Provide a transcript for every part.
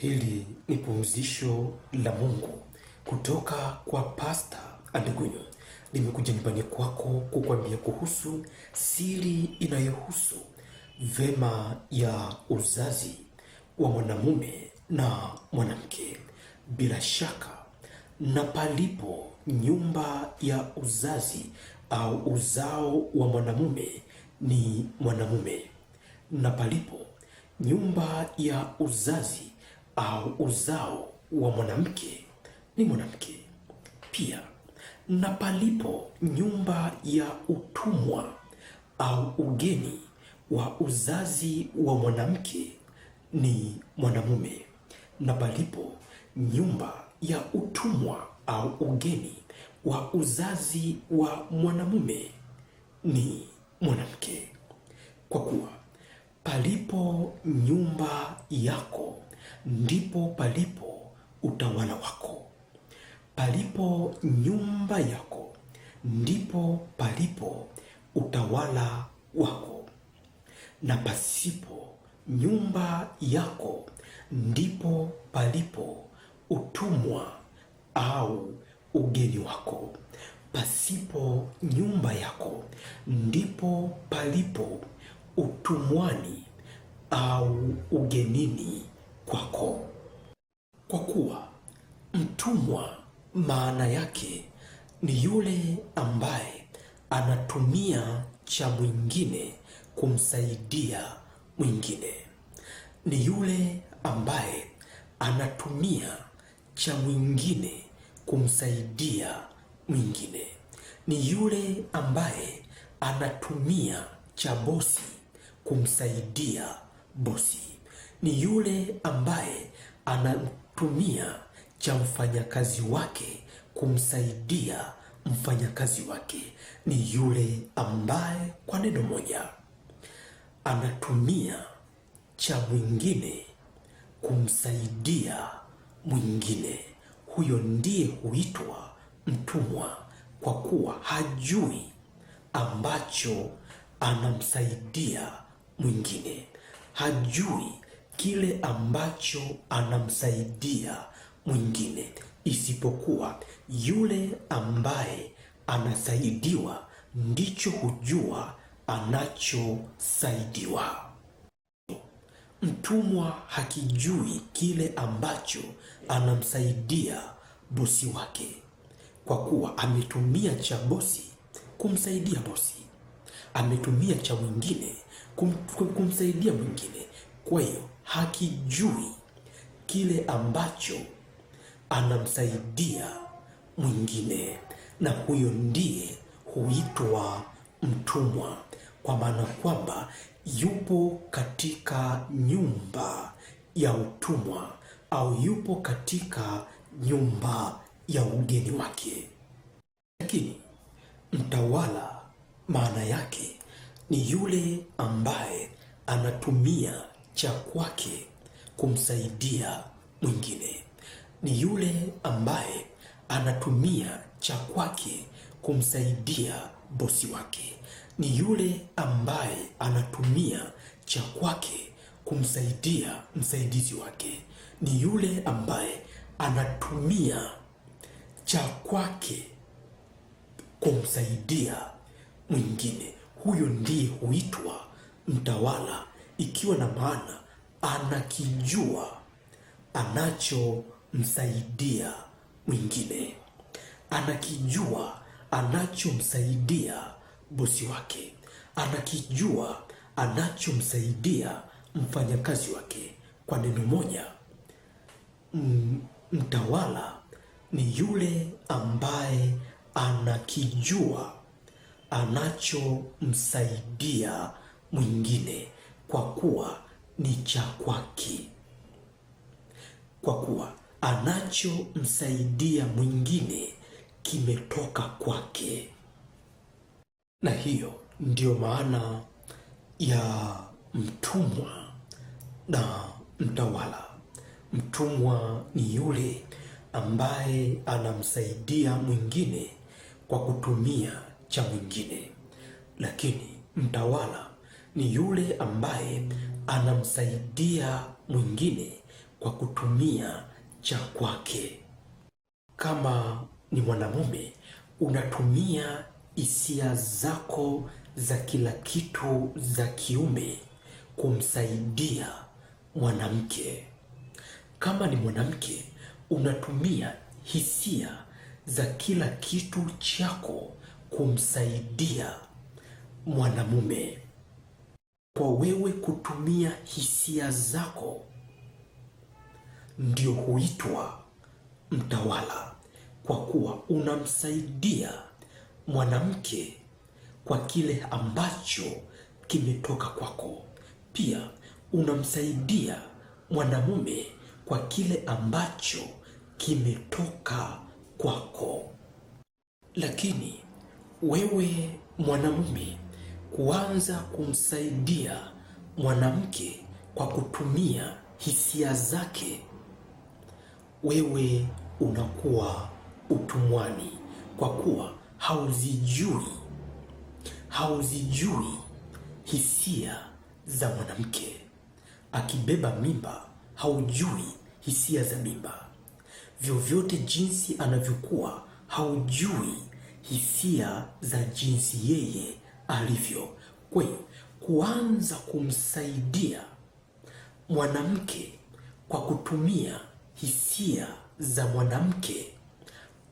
Hili ni pumzisho la Mungu kutoka kwa Pasta Andegunyo, limekuja nyumbani kwako kukwambia kuhusu siri inayohusu vema ya uzazi wa mwanamume na mwanamke. Bila shaka na palipo nyumba ya uzazi au uzao wa mwanamume ni mwanamume, na palipo nyumba ya uzazi au uzao wa mwanamke ni mwanamke pia, na palipo nyumba ya utumwa au ugeni wa uzazi wa mwanamke ni mwanamume, na palipo nyumba ya utumwa au ugeni wa uzazi wa mwanamume ni mwanamke, kwa kuwa palipo nyumba yako ndipo palipo utawala wako, palipo nyumba yako, ndipo palipo utawala wako, na pasipo nyumba yako ndipo palipo utumwa au ugeni wako. Pasipo nyumba yako ndipo palipo utumwani au ugenini kwako, kwa kuwa mtumwa maana yake ni yule ambaye anatumia cha mwingine kumsaidia mwingine, ni yule ambaye anatumia cha mwingine kumsaidia mwingine, ni yule ambaye anatumia cha bosi kumsaidia bosi ni yule ambaye anatumia cha mfanyakazi wake kumsaidia mfanyakazi wake, ni yule ambaye kwa neno moja anatumia cha mwingine kumsaidia mwingine. Huyo ndiye huitwa mtumwa, kwa kuwa hajui ambacho anamsaidia mwingine, hajui kile ambacho anamsaidia mwingine, isipokuwa yule ambaye anasaidiwa ndicho hujua anachosaidiwa. Mtumwa hakijui kile ambacho anamsaidia bosi wake, kwa kuwa ametumia cha bosi kumsaidia bosi, ametumia cha mwingine kum, kum, kumsaidia mwingine. Kwa hiyo hakijui kile ambacho anamsaidia mwingine, na huyo ndiye huitwa mtumwa, kwa maana kwamba yupo katika nyumba ya utumwa au yupo katika nyumba ya ugeni wake. Lakini mtawala maana yake ni yule ambaye anatumia cha kwake kumsaidia mwingine, ni yule ambaye anatumia cha kwake kumsaidia bosi wake, ni yule ambaye anatumia cha kwake kumsaidia msaidizi wake, ni yule ambaye anatumia cha kwake kumsaidia mwingine. Huyo ndiye huitwa mtawala ikiwa na maana anakijua anachomsaidia mwingine, anakijua anachomsaidia bosi wake, anakijua anachomsaidia mfanyakazi wake. Kwa neno moja, mtawala ni yule ambaye anakijua anachomsaidia mwingine kwa kuwa ni cha kwake, kwa kuwa anachomsaidia mwingine kimetoka kwake. Na hiyo ndiyo maana ya mtumwa na mtawala. Mtumwa ni yule ambaye anamsaidia mwingine kwa kutumia cha mwingine, lakini mtawala ni yule ambaye anamsaidia mwingine kwa kutumia cha kwake. Kama ni mwanamume, unatumia hisia zako za kila kitu za kiume kumsaidia mwanamke. Kama ni mwanamke, unatumia hisia za kila kitu chako kumsaidia mwanamume kwa wewe kutumia hisia zako ndio huitwa mtawala, kwa kuwa unamsaidia mwanamke kwa kile ambacho kimetoka kwako. Pia unamsaidia mwanamume kwa kile ambacho kimetoka kwako. Lakini wewe mwanamume kuanza kumsaidia mwanamke kwa kutumia hisia zake, wewe unakuwa utumwani, kwa kuwa hauzijui hauzijui hisia za mwanamke. Akibeba mimba, haujui hisia za mimba. Vyovyote jinsi anavyokuwa, haujui hisia za jinsi yeye alivyo. Kwa hiyo kuanza kumsaidia mwanamke kwa kutumia hisia za mwanamke,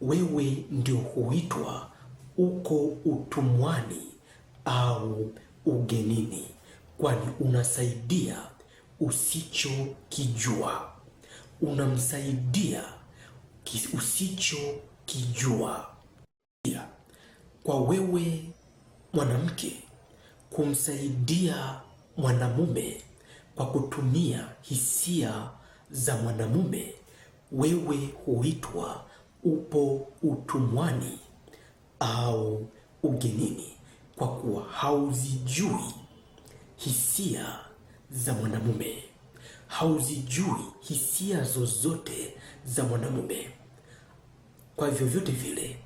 wewe ndio huitwa uko utumwani au ugenini, kwani unasaidia usichokijua, unamsaidia usichokijua. Kwa wewe mwanamke kumsaidia mwanamume kwa kutumia hisia za mwanamume, wewe huitwa upo utumwani au ugenini, kwa kuwa hauzijui hisia za mwanamume, hauzijui hisia zozote za mwanamume. Kwa vyovyote vile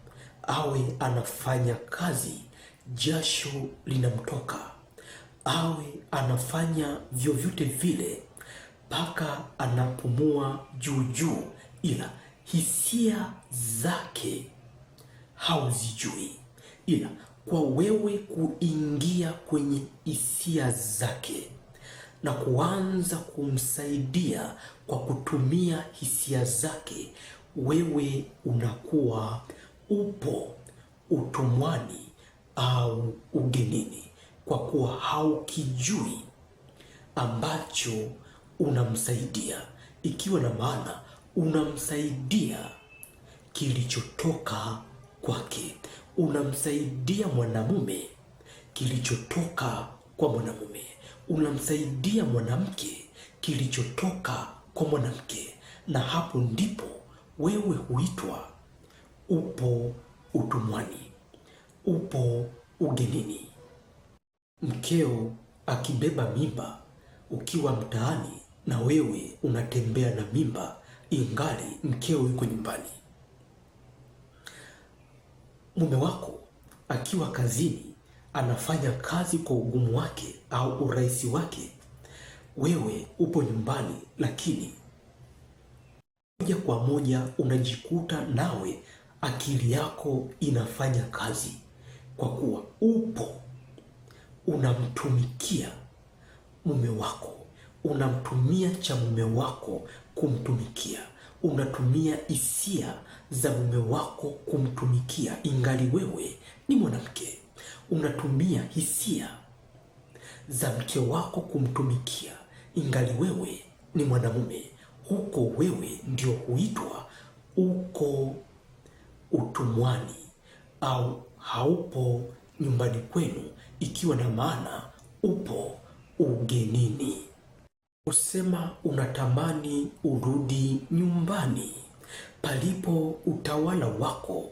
awe anafanya kazi jasho linamtoka, awe anafanya vyovyote vile mpaka anapumua juu juu, ila hisia zake hauzijui, ila kwa wewe kuingia kwenye hisia zake na kuanza kumsaidia kwa kutumia hisia zake, wewe unakuwa upo utumwani au ugenini, kwa kuwa haukijui ambacho unamsaidia, ikiwa na maana unamsaidia kilichotoka kwake, unamsaidia mwanamume kilichotoka kwa mwanamume, unamsaidia mwanamke kilichotoka kwa mwanamke, na hapo ndipo wewe huitwa upo utumwani upo ugenini. Mkeo akibeba mimba ukiwa mtaani na wewe unatembea na mimba ingali mkeo yuko nyumbani. Mume wako akiwa kazini anafanya kazi kwa ugumu wake au urahisi wake, wewe upo nyumbani, lakini moja kwa moja unajikuta nawe akili yako inafanya kazi kwa kuwa upo unamtumikia mume wako, unamtumia cha mume wako kumtumikia, unatumia hisia za mume wako kumtumikia, ingali wewe ni mwanamke. Unatumia hisia za mke wako kumtumikia, ingali wewe ni mwanamume. Huko wewe ndio huitwa uko utumwani au haupo nyumbani kwenu, ikiwa na maana upo ugenini. Kusema unatamani urudi nyumbani palipo utawala wako,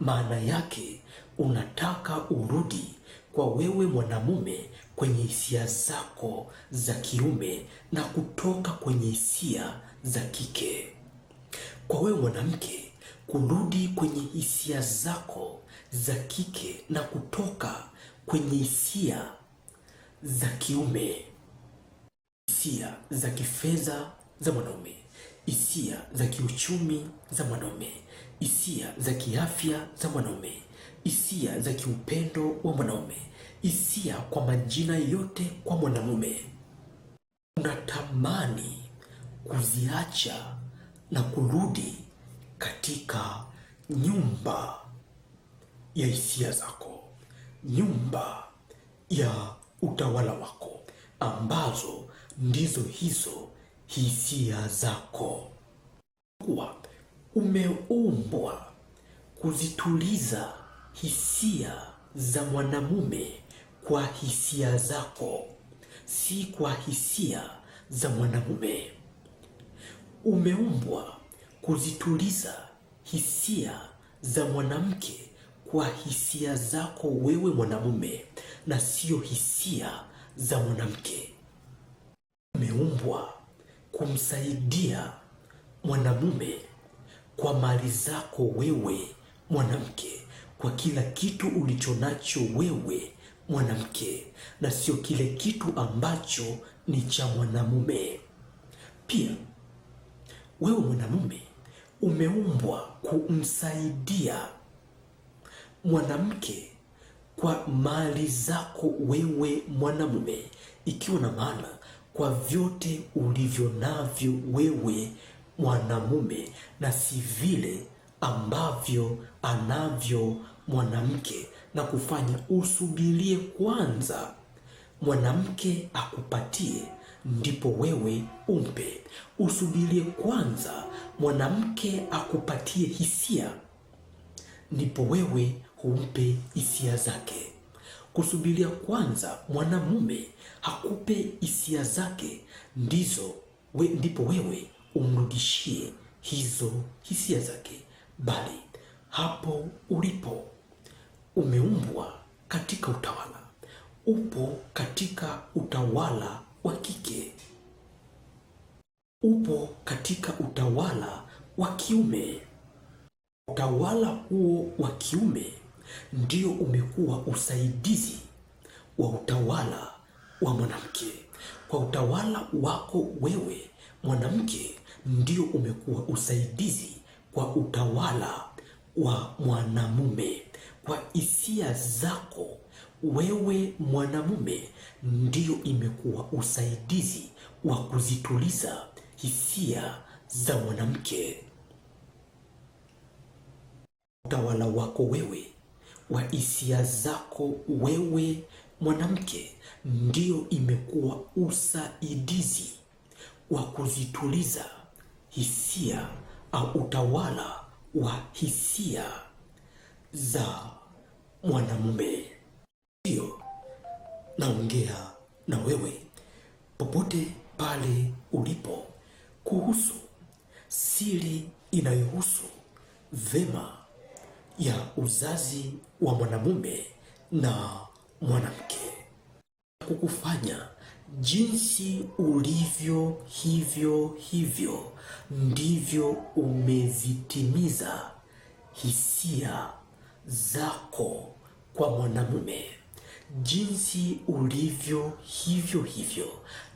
maana yake unataka urudi kwa wewe mwanamume kwenye hisia zako za kiume na kutoka kwenye hisia za kike. Kwa wewe mwanamke kurudi kwenye hisia zako za kike na kutoka kwenye hisia za kiume, hisia za kifedha za mwanaume, hisia za kiuchumi za mwanaume, hisia za kiafya za mwanaume, hisia za kiupendo wa mwanaume, hisia kwa majina yote kwa mwanamume. Unatamani kuziacha na kurudi katika nyumba ya hisia zako, nyumba ya utawala wako, ambazo ndizo hizo hisia zako, kuwa umeumbwa kuzituliza hisia za mwanamume kwa hisia zako, si kwa hisia za mwanamume. Umeumbwa kuzituliza hisia za mwanamke kwa hisia zako wewe mwanamume na sio hisia za mwanamke. Umeumbwa kumsaidia mwanamume kwa mali zako wewe mwanamke, kwa kila kitu ulichonacho wewe mwanamke, na sio kile kitu ambacho ni cha mwanamume. Pia wewe mwanamume umeumbwa kumsaidia mwanamke, kwa mali zako wewe mwanamume, ikiwa na maana kwa vyote ulivyo navyo wewe mwanamume, na si vile ambavyo anavyo mwanamke, na kufanya usubirie kwanza mwanamke akupatie, ndipo wewe umpe. Usubirie kwanza mwanamke akupatie hisia, ndipo wewe kumpe hisia zake. Kusubiria kwanza mwanamume hakupe hisia zake, ndizo we, ndipo wewe umrudishie hizo hisia zake, bali hapo ulipo umeumbwa katika utawala, upo katika utawala wa kike, upo katika utawala wa kiume. Utawala huo wa kiume ndio umekuwa usaidizi wa utawala wa mwanamke. Kwa utawala wako wewe mwanamke, ndio umekuwa usaidizi kwa utawala wa mwanamume. Kwa hisia zako wewe mwanamume, ndio imekuwa usaidizi wa kuzituliza hisia za mwanamke. Utawala wako wewe wa hisia zako wewe mwanamke, ndio imekuwa usaidizi wa kuzituliza hisia au utawala wa hisia za mwanamume. Ndiyo naongea na wewe popote pale ulipo kuhusu siri inayohusu vema ya uzazi wa mwanamume na mwanamke. Kukufanya jinsi ulivyo, hivyo hivyo ndivyo umezitimiza hisia zako kwa mwanamume. Jinsi ulivyo, hivyo hivyo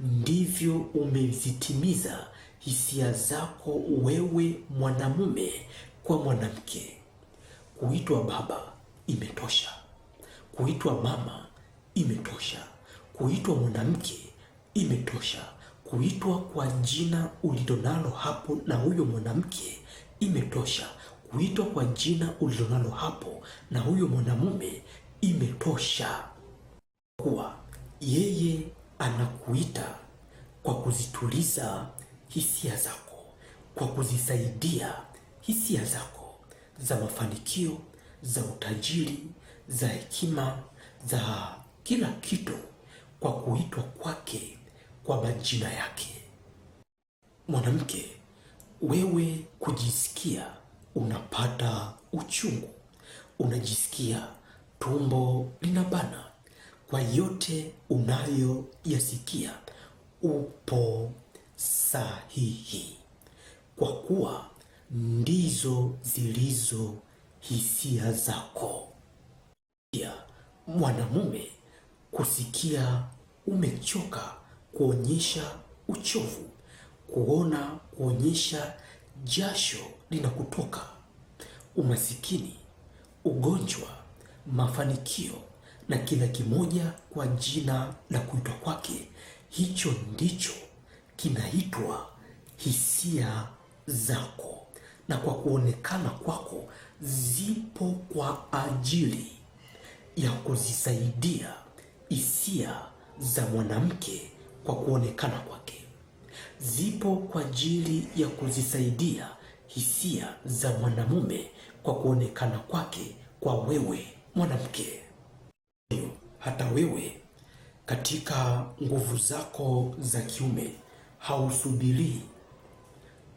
ndivyo umezitimiza hisia zako wewe mwanamume kwa mwanamke. Kuitwa baba imetosha, kuitwa mama imetosha, kuitwa mwanamke imetosha, kuitwa kwa jina ulilonalo hapo na huyo mwanamke imetosha, kuitwa kwa jina ulilonalo hapo na huyo mwanamume imetosha, kuwa yeye anakuita kwa kuzituliza hisia zako, kwa kuzisaidia hisia zako za mafanikio, za utajiri, za hekima, za kila kitu kwa kuitwa kwake kwa majina yake. Mwanamke, wewe kujisikia unapata uchungu, unajisikia tumbo linabana kwa yote unayoyasikia, upo sahihi kwa kuwa ndizo zilizo hisia zako. Pia mwanamume kusikia umechoka kuonyesha uchovu, kuona kuonyesha jasho linakutoka, umasikini, ugonjwa, mafanikio na kila kimoja kwa jina la kuitwa kwake. Hicho ndicho kinaitwa hisia zako na kwa kuonekana kwako zipo kwa ajili ya kuzisaidia hisia za mwanamke kwa kuonekana kwake, zipo kwa ajili ya kuzisaidia hisia za mwanamume kwa kuonekana kwake, kwa wewe mwanamke. Hata wewe katika nguvu zako za kiume hausubirii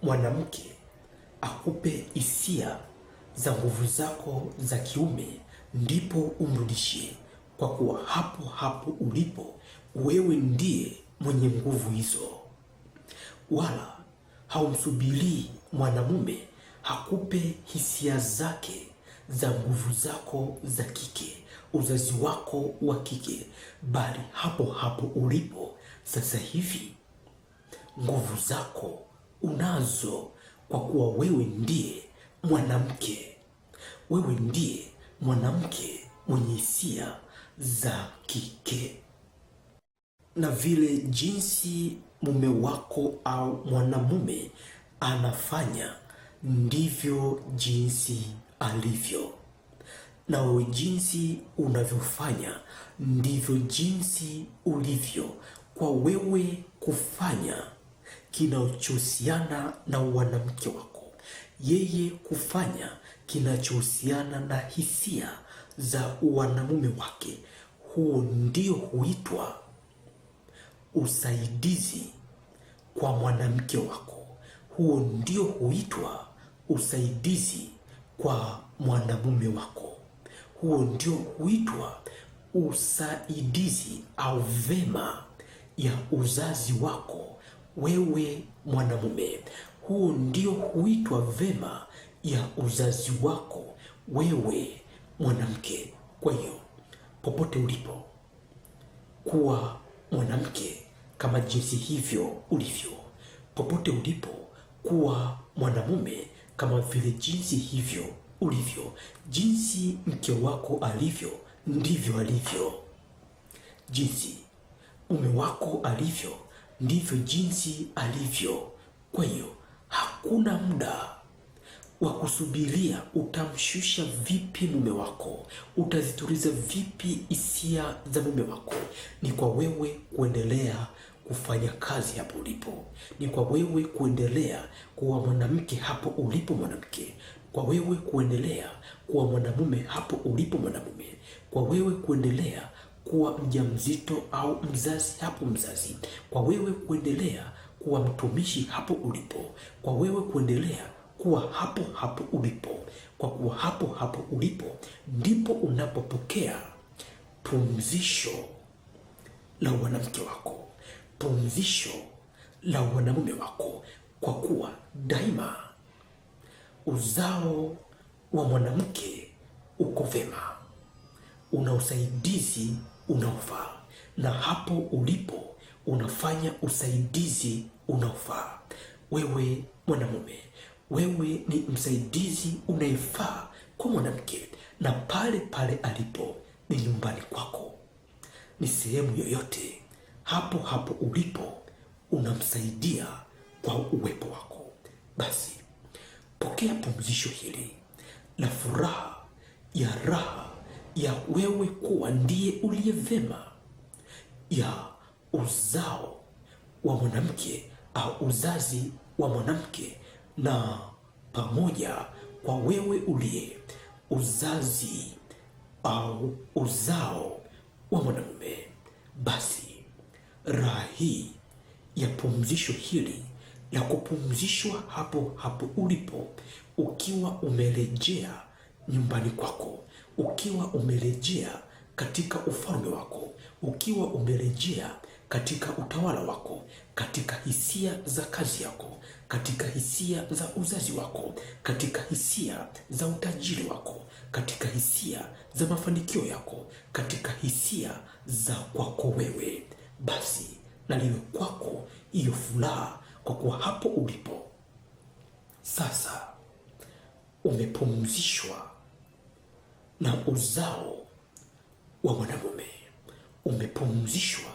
mwanamke akupe hisia za nguvu zako za kiume, ndipo umrudishie, kwa kuwa hapo hapo ulipo wewe ndiye mwenye nguvu hizo, wala haumsubirii mwanamume hakupe hisia zake za nguvu zako za kike, uzazi wako wa kike, bali hapo hapo ulipo sasa hivi nguvu zako unazo kwa kuwa wewe ndiye mwanamke, wewe ndiye mwanamke mwenye hisia za kike, na vile jinsi mume wako au mwanamume anafanya ndivyo jinsi alivyo, na wewe jinsi unavyofanya ndivyo jinsi ulivyo. Kwa wewe kufanya kinachohusiana na wanamke wako, yeye kufanya kinachohusiana na hisia za wanamume wake, huo ndio huitwa usaidizi kwa mwanamke wako, huo ndio huitwa usaidizi kwa mwanamume wako, huo ndio huitwa usaidizi au vema ya uzazi wako wewe mwanamume, huu ndio huitwa vema ya uzazi wako wewe mwanamke. Kwa hiyo popote ulipo, kuwa mwanamke kama jinsi hivyo ulivyo. Popote ulipo, kuwa mwanamume kama vile jinsi hivyo ulivyo. Jinsi mke wako alivyo ndivyo alivyo. Jinsi mume wako alivyo ndivyo jinsi alivyo. Kwa hiyo hakuna muda wa kusubiria. Utamshusha vipi mume wako? Utazituliza vipi hisia za mume wako? Ni kwa wewe kuendelea kufanya kazi hapo ulipo, ni kwa wewe kuendelea kuwa mwanamke hapo ulipo mwanamke, kwa wewe kuendelea kuwa mwanamume hapo ulipo mwanamume, kwa wewe kuendelea kuwa mjamzito au mzazi hapo mzazi, kwa wewe kuendelea kuwa mtumishi hapo ulipo, kwa wewe kuendelea kuwa hapo hapo ulipo, kwa kuwa hapo hapo ulipo ndipo unapopokea pumzisho la wanamke wako, pumzisho la wanamume wako, kwa kuwa daima uzao wa mwanamke uko vema una usaidizi unaofaa, na hapo ulipo unafanya usaidizi unaofaa. Wewe mwanamume, wewe ni msaidizi unayefaa kwa mwanamke, na pale pale alipo ni nyumbani kwako, ni sehemu yoyote, hapo hapo ulipo unamsaidia kwa uwepo wako. Basi pokea pumzisho hili la furaha ya raha ya wewe kuwa ndiye uliye vema ya uzao wa mwanamke au uzazi wa mwanamke, na pamoja kwa wewe uliye uzazi au uzao wa mwanamume. Basi raha hii ya pumzisho hili la kupumzishwa hapo hapo ulipo ukiwa umerejea nyumbani kwako ukiwa umerejea katika ufalme wako, ukiwa umerejea katika utawala wako, katika hisia za kazi yako, katika hisia za uzazi wako, katika hisia za utajiri wako, katika hisia za mafanikio yako, katika hisia za kwako wewe, basi naliwe kwako hiyo furaha, kwa kuwa hapo ulipo sasa umepumzishwa na uzao wa mwanamume umepumzishwa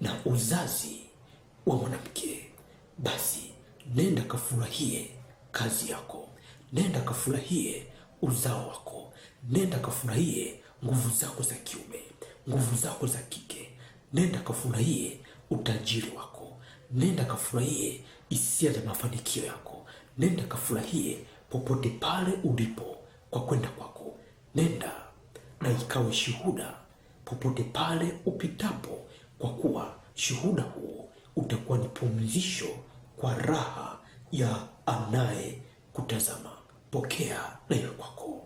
na uzazi wa mwanamke. Basi nenda kafurahie kazi yako, nenda kafurahie uzao wako, nenda kafurahie nguvu zako za kiume, nguvu zako za kike, nenda kafurahie utajiri wako, nenda kafurahie hisia za mafanikio yako, nenda kafurahie popote pale ulipo kwa kwenda kwako nenda na ikawe shuhuda popote pale upitapo, kwa kuwa shuhuda huo utakuwa ni pumzisho kwa raha ya anaye kutazama Pokea na iwe kwako.